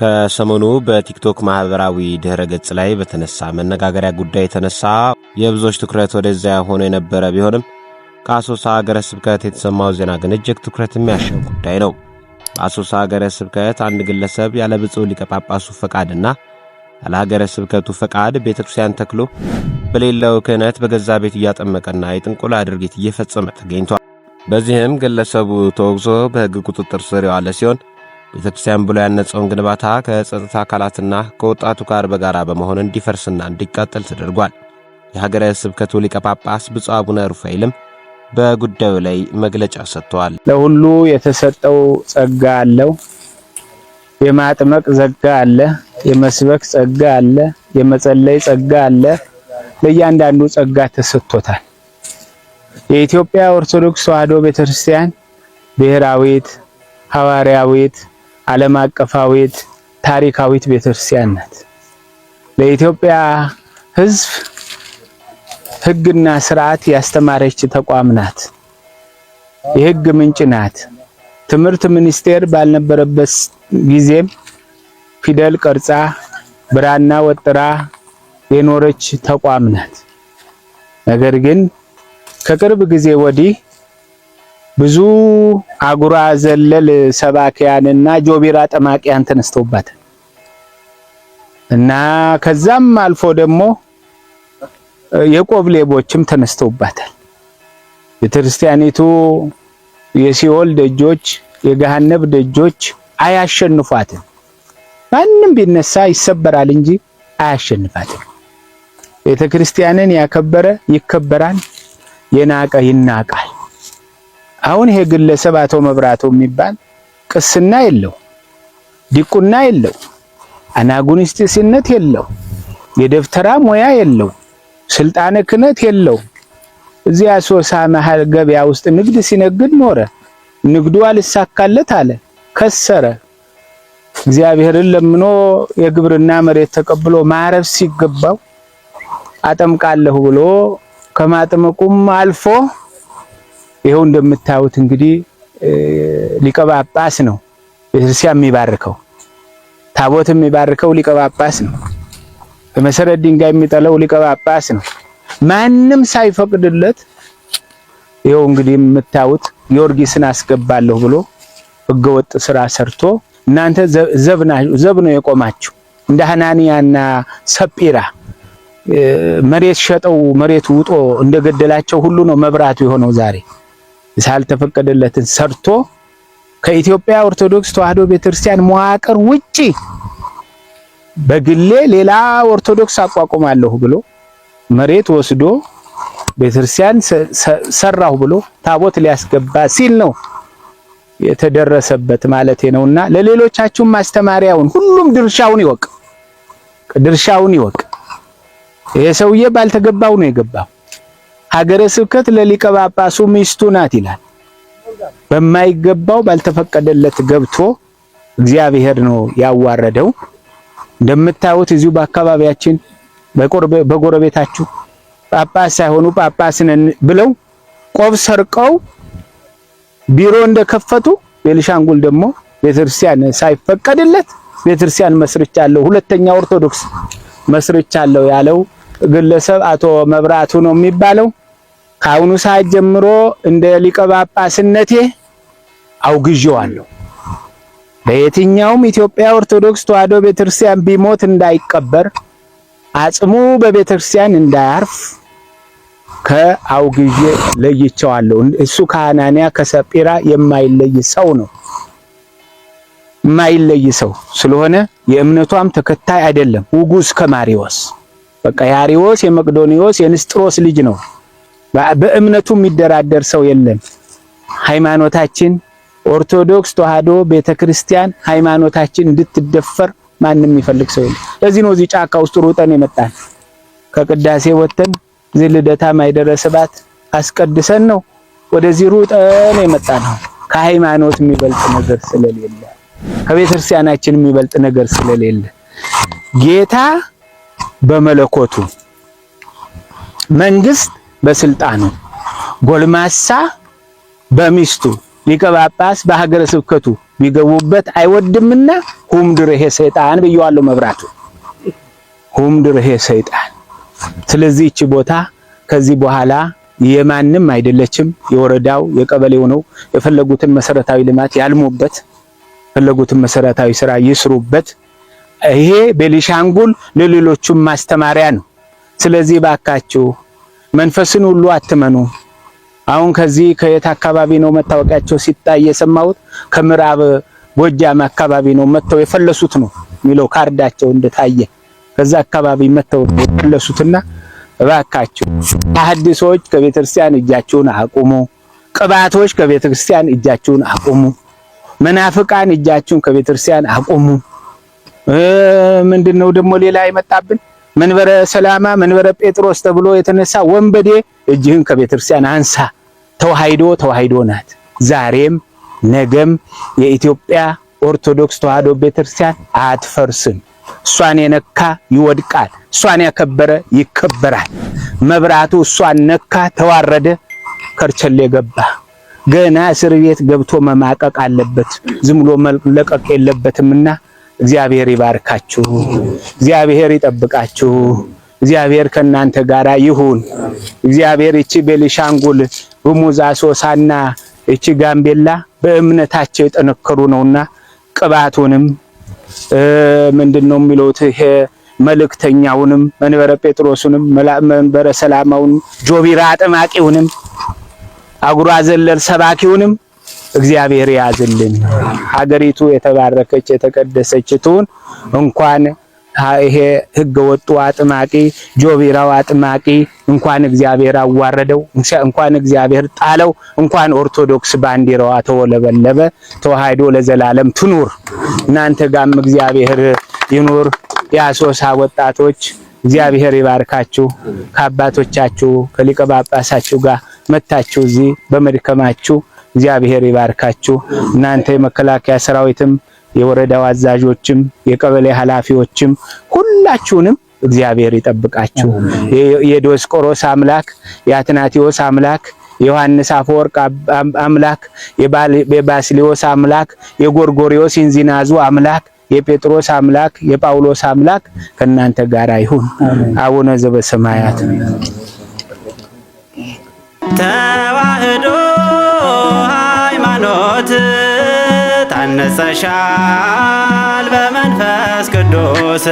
ከሰሞኑ በቲክቶክ ማኅበራዊ ድኅረ ገጽ ላይ በተነሳ መነጋገሪያ ጉዳይ የተነሳ የብዙዎች ትኩረት ወደዚያ ሆኖ የነበረ ቢሆንም ከአሶሳ ሀገረ ስብከት የተሰማው ዜና ግን እጅግ ትኩረት የሚያሸው ጉዳይ ነው። በአሶሳ አገረ ስብከት አንድ ግለሰብ ያለ ብፁዕ ሊቀ ጳጳሱ ፈቃድና ያለ ሀገረ ስብከቱ ፈቃድ ቤተ ክርስቲያን ተክሎ በሌለው ክህነት በገዛ ቤት እያጠመቀና የጥንቁላ ድርጊት እየፈጸመ ተገኝቷል። በዚህም ግለሰቡ ተወግዞ በሕግ ቁጥጥር ስር የዋለ ሲሆን ቤተ ክርስቲያን ብሎ ያነጸውን ግንባታ ከጸጥታ አካላትና ከወጣቱ ጋር በጋራ በመሆን እንዲፈርስና እንዲቃጠል ተደርጓል። የሀገረ ስብከቱ ሊቀ ጳጳስ ብፁዕ አቡነ ሩፋኤልም በጉዳዩ ላይ መግለጫ ሰጥተዋል። ለሁሉ የተሰጠው ጸጋ አለው። የማጥመቅ ጸጋ አለ፣ የመስበክ ጸጋ አለ፣ የመጸለይ ጸጋ አለ። ለእያንዳንዱ ጸጋ ተሰጥቶታል። የኢትዮጵያ ኦርቶዶክስ ተዋሕዶ ቤተክርስቲያን ብሔራዊት ሐዋርያዊት ዓለም አቀፋዊት ታሪካዊት ቤተክርስቲያን ናት። ለኢትዮጵያ ሕዝብ ሕግና ስርዓት ያስተማረች ተቋም ናት። የሕግ ምንጭ ናት። ትምህርት ሚኒስቴር ባልነበረበት ጊዜም ፊደል ቀርጻ ብራና ወጥራ የኖረች ተቋም ናት። ነገር ግን ከቅርብ ጊዜ ወዲህ ብዙ አጉራ ዘለል ሰባኪያንና ጆቢራ ጠማቂያን ተነስተውባታል እና ከዛም አልፎ ደግሞ የቆብሌቦችም ሌቦችም ተነስተውባታል። የክርስቲያኒቱ የሲኦል ደጆች የገሃነብ ደጆች አያሸንፏትም። ማንም ቢነሳ ይሰበራል እንጂ አያሸንፋትም። ቤተ ያከበረ ይከበራል፣ የናቀ ይናቃል። አሁን ይሄ ግለሰብ አቶ መብራቶ የሚባል ቅስና የለው፣ ዲቁና የለው፣ አናጉንስጢስነት የለው፣ የደብተራ ሙያ የለው፣ ስልጣነ ክነት የለው። እዚያ ሶሳ መሃል ገበያ ውስጥ ንግድ ሲነግድ ኖረ። ንግዱ አልሳካለት አለ፣ ከሰረ። እግዚአብሔርን ለምኖ የግብርና መሬት ተቀብሎ ማረፍ ሲገባው አጠምቃለሁ ብሎ ከማጥመቁም አልፎ ይኸው እንደምታዩት እንግዲህ ሊቀ ጳጳስ ነው ቤተክርስቲያን የሚባርከው ታቦት የሚባርከው ሊቀ ጳጳስ ነው። በመሰረት ድንጋይ የሚጠለው ሊቀ ጳጳስ ነው። ማንም ሳይፈቅድለት ይኸው እንግዲህ የምታዩት ጊዮርጊስን አስገባለሁ ብሎ ህገወጥ ስራ ሰርቶ እናንተ ዘብ ነው የቆማችሁ እንደ ሐናንያና ሰጲራ መሬት ሸጠው መሬት ውጦ እንደገደላቸው ሁሉ ነው መብራቱ የሆነው ዛሬ። ሳልተፈቀደለትን ሰርቶ ከኢትዮጵያ ኦርቶዶክስ ተዋህዶ ቤተክርስቲያን መዋቅር ውጪ በግሌ ሌላ ኦርቶዶክስ አቋቁማለሁ ብሎ መሬት ወስዶ ቤተክርስቲያን ሰራሁ ብሎ ታቦት ሊያስገባ ሲል ነው የተደረሰበት ማለት እና ለሌሎቻችሁም ማስተማሪያውን ሁሉም ድርሻውን ይወቅ ድርሻውን ይወቅ። ይሄ ሰውዬ ባልተገባው ነው የገባው። ሀገረ ስብከት ለሊቀ ጳጳሱ ሚስቱ ናት ይላል። በማይገባው ባልተፈቀደለት ገብቶ እግዚአብሔር ነው ያዋረደው። እንደምታዩት እዚሁ በአካባቢያችን በጎረቤታችሁ ጳጳስ ሳይሆኑ ጳጳስ ብለው ቆብ ሰርቀው ቢሮ እንደከፈቱ ቤልሻንጉል ደግሞ ቤተክርስቲያን ሳይፈቀድለት ቤተክርስቲያን መስርቻለሁ፣ ሁለተኛ ኦርቶዶክስ መስርቻለሁ ያለው ግለሰብ አቶ መብራቱ ነው የሚባለው። ከአሁኑ ሰዓት ጀምሮ እንደ ሊቀ ጳጳስነቴ አውግዤዋለሁ። በየትኛውም ኢትዮጵያ ኦርቶዶክስ ተዋሕዶ ቤተክርስቲያን ቢሞት እንዳይቀበር አጽሙ በቤተክርስቲያን እንዳያርፍ ከአውግዤ ለይቸዋለሁ። እሱ ከአናንያ ከሰጲራ የማይለይ ሰው ነው። የማይለይ ሰው ስለሆነ የእምነቷም ተከታይ አይደለም። ውጉስ ከማሪዎስ በቃ የአሪዎስ የመቅዶኒዎስ የንስጥሮስ ልጅ ነው። በእምነቱ የሚደራደር ሰው የለም። ሃይማኖታችን ኦርቶዶክስ ተዋህዶ ቤተክርስቲያን ሃይማኖታችን እንድትደፈር ማንም የሚፈልግ ሰው የለም። ለዚህ ነው እዚህ ጫካ ውስጥ ሩጠን የመጣን ከቅዳሴ ወጥተን እዚህ ልደታ ማይደረ አስቀድሰን ነው ወደዚህ ሩጠን የመጣ ከሃይማኖት የሚበልጥ ነገር ስለሌለ፣ ከቤተክርስቲያናችን የሚበልጥ ነገር ስለሌለ ጌታ በመለኮቱ መንግስት በስልጣኑ ጎልማሳ በሚስቱ ሊቀ ጳጳስ በሀገረ ስብከቱ ቢገቡበት አይወድምና ይሄ ሰይጣን ብየዋለሁ። መብራቱ ይሄ ሰይጣን። ስለዚህ እቺ ቦታ ከዚህ በኋላ የማንም አይደለችም። የወረዳው የቀበሌው ነው። የፈለጉትን መሰረታዊ ልማት ያልሙበት፣ የፈለጉትን መሰረታዊ ስራ ይስሩበት። ይሄ ቤኒሻንጉል ለሌሎቹም ማስተማሪያ ነው። ስለዚህ ባካችሁ መንፈስን ሁሉ አትመኑ። አሁን ከዚህ ከየት አካባቢ ነው መታወቂያቸው ሲጣ እየሰማሁት ከምዕራብ ጎጃም አካባቢ ነው መተው የፈለሱት ነው የሚለው ካርዳቸው እንደታየ ከዛ አካባቢ መተው የፈለሱትና እባካችሁ አህዲሶች ከቤተክርስቲያን እጃችሁን አቁሙ። ቅባቶች ከቤተክርስቲያን እጃችሁን አቁሙ። መናፍቃን እጃችሁን ከቤተክርስቲያን አቁሙ። ምንድነው ደግሞ ሌላ አይመጣብን? መንበረ ሰላማ መንበረ ጴጥሮስ ተብሎ የተነሳ ወንበዴ እጅህን ከቤተክርስቲያን አንሳ። ተዋህዶ ተዋህዶ ናት። ዛሬም ነገም የኢትዮጵያ ኦርቶዶክስ ተዋህዶ ቤተክርስቲያን አትፈርስም። እሷን የነካ ይወድቃል። እሷን ያከበረ ይከበራል። መብራቱ እሷን ነካ፣ ተዋረደ፣ ከርቸሌ ገባ። ገና እስር ቤት ገብቶ መማቀቅ አለበት። ዝም ብሎ መለቀቅ የለበትምና እግዚአብሔር ይባርካችሁ፣ እግዚአብሔር ይጠብቃችሁ፣ እግዚአብሔር ከእናንተ ጋር ይሁን። እግዚአብሔር እቺ ቤሊሻንጉል ጉሙዝ አሶሳና እቺ ጋምቤላ በእምነታቸው የጠነከሩ ነውና ቅባቱንም ምንድን ነው የሚሉት ይሄ መልእክተኛውንም መንበረ ጴጥሮሱንም መንበረ ሰላማውንም ጆቢራ አጥማቂውንም አጉራ ዘለል ሰባኪውንም እግዚአብሔር ያዝልን። ሀገሪቱ የተባረከች የተቀደሰች ትሁን። እንኳን ይሄ ህገ ወጡ አጥማቂ ጆቢራው አጥማቂ እንኳን እግዚአብሔር አዋረደው፣ እንኳን እግዚአብሔር ጣለው፣ እንኳን ኦርቶዶክስ ባንዲራዋ ተወለበለበ። ተዋህዶ ለዘላለም ትኑር። እናንተ ጋም እግዚአብሔር ይኑር። የአሶሳ ወጣቶች እግዚአብሔር ይባርካችሁ። ከአባቶቻችሁ ከሊቀ ጳጳሳችሁ ጋር መታችሁ እዚህ በመድከማችሁ እግዚአብሔር ይባርካችሁ። እናንተ የመከላከያ ሰራዊትም፣ የወረዳው አዛዦችም፣ የቀበሌ ኃላፊዎችም ሁላችሁንም እግዚአብሔር ይጠብቃችሁ። የዲዮስቆሮስ አምላክ የአትናቴዎስ አምላክ የዮሐንስ አፈወርቅ አምላክ የባስሊዮስ አምላክ የጎርጎሪዮስ ኢንዚናዙ አምላክ የጴጥሮስ አምላክ የጳውሎስ አምላክ ከእናንተ ጋር ይሁን። አቡነ ዘበሰማያት ተዋህዶ በሕይወት ታነጸሻል በመንፈስ ቅዱስ